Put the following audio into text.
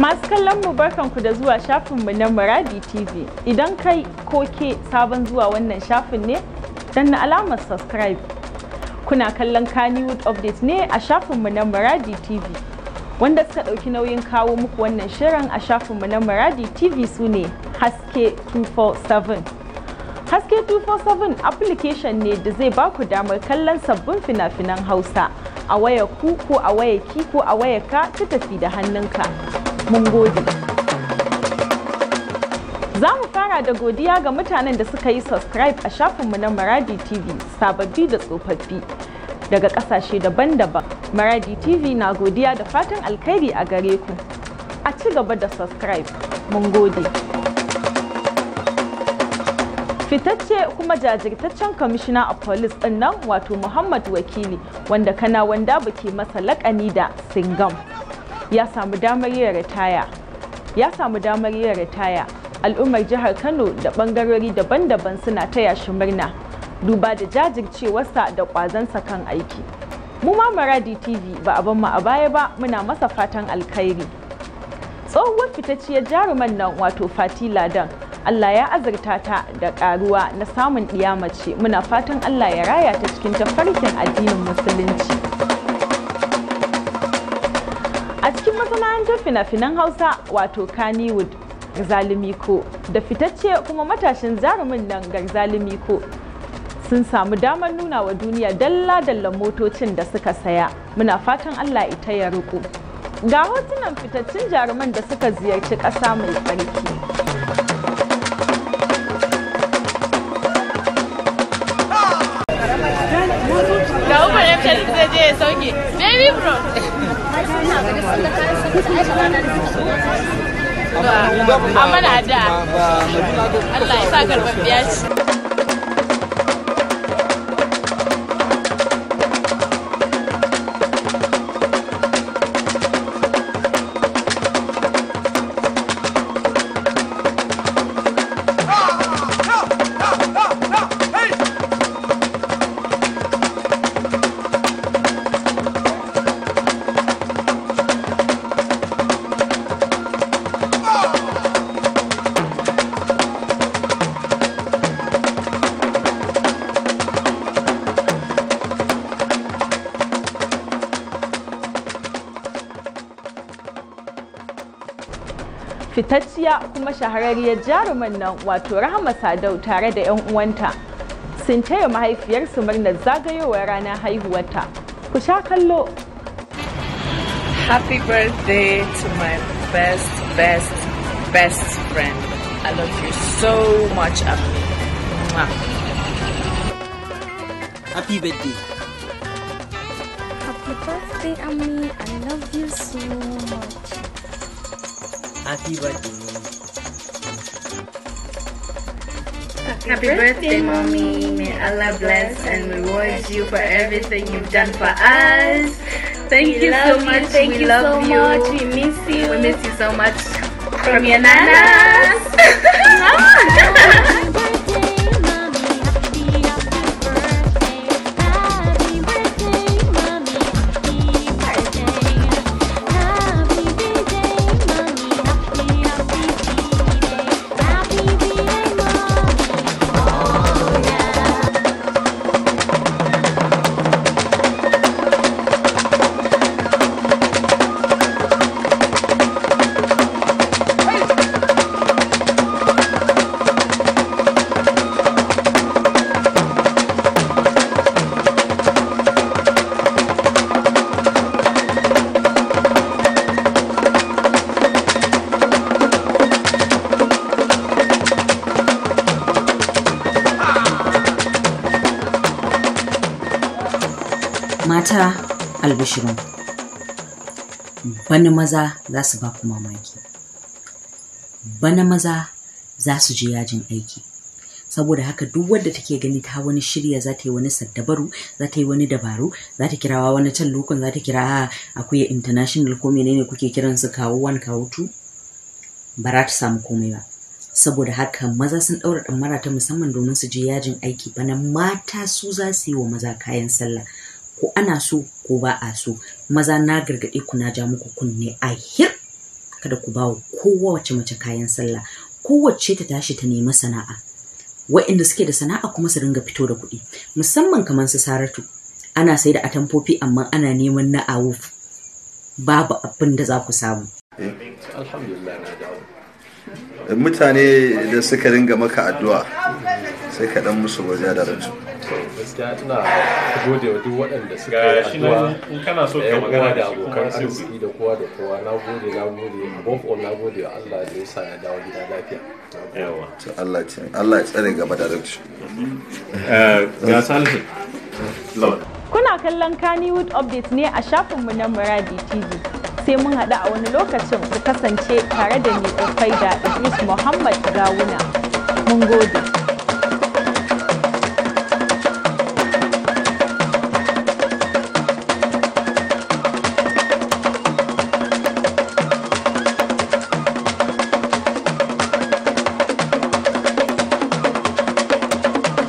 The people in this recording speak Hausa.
Masu kallon mu barkanku da zuwa shafinmu na Muradi TV. Idan kai ko ke sabon zuwa wannan shafin ne, dan na alamar subscribe. Kuna kallon Kannywood Update ne a shafinmu na Muradi TV. Wanda suka ɗauki nauyin kawo muku wannan shirin a mu na Muradi TV su ne Haske 247. Haske 247 application ne da zai ba ku damar kallon sabbin fina-finan Hausa a wayar ku ko a wayar ki ko a wayar ka ta tafi da hannunka. Mun gode. Za mu fara da godiya ga mutanen da suka yi subscribe a shafinmu na Maradi TV sababbi da tsofaffi daga kasashe daban-daban. Maradi TV na godiya da fatan alkhairi a gare ku. A ci gaba da subscribe. Mun gode. fitacce kuma jajirtaccen kwamishina a polis ɗin nan wato muhammad wakili wanda kana wanda buke masa lakani da singam ya samu damar yin ritaya ya samu damar yin ritaya al'ummar jihar kano da bangarori daban-daban suna taya shi murna duba da jajircewarsa da kwazansa kan aiki mu ma maradi tv ba a mu a baya ba muna masa fatan alkhairi tsohuwar fitacciyar jaruman nan wato fati ladan Allah ya azurta ta da karuwa na samun mace muna fatan Allah ya raya ta cikin tafarkin addinin musulunci. A cikin masana'antar fina-finan Hausa wato Kannywood, garzalimiko da fitacce kuma matashin jarumin nan garzalimiko sun samu damar nuna wa duniya dalla-dallan motocin da suka saya. Muna fatan Allah ita ya riko. Ga hotunan fitaccen jaruman da suka ziyarci ƙasa mai tsarki. ya sauke baby bro amma na da Allah ya sa karɓar fitacciya kuma shahararriyar jaruman nan wato rahama sadau tare da 'yan uwanta sun taya mahaifiyarsu murnar zagayowar ranar haihuwarta ku sha kallo happy birthday to my best best best friend i love you so much Abby. happy birthday happy birthday Ami. i love you so much Happy birthday, Mommy. Happy birthday, Mommy. May Allah bless and reward you for everything you've done for us. Thank we you so much. You. Thank we you love so you. Much. We miss you. We miss you so much. From, From your nana. Mata albishirin bana maza za su ba ku mamaki. Bana maza za su je yajin aiki. Saboda haka duk wadda take gani ta wani shirya za ta yi wani saddabaru, za ta yi wani dabaru, za ta kirawa wani can lokun za ta kira ah, akuya international ko menene kuke kiran su kawo wani kawo tu. Ba za ta samu komai ba. Saboda haka maza sun ɗaura mara ta musamman domin su je yajin aiki bana mata su za su yi wa maza kayan sallah. ko ana so ko ba a so maza na gargaɗe ku na ja muku kunne a hir kada ku ba kowace mace kayan sallah kowace ta tashi ta nemi sana'a wa'inda suke da sana'a kuma su ringa fito da kuɗi musamman kamar su saratu ana sai da atamfofi amma ana neman na awuf babu abin da za ku samu mutane da suka ringa maka addu'a sai ka dan musu waje da rantsu gaskiya ina gode wa duk waɗanda suka yi addu'a da yan uwa da abokan arziki da kowa da kowa na gode na gode above all na gode wa Allah da ya sa ya dawo gida lafiya Allah ce Allah ya tsare gaba da rakshi eh, ga salihu kuna kallon Kannywood update ne a shafinmu na Muradi TV sai mun haɗu a wani lokacin ku kasance tare da ni da Idris Muhammad Gawuna mun gode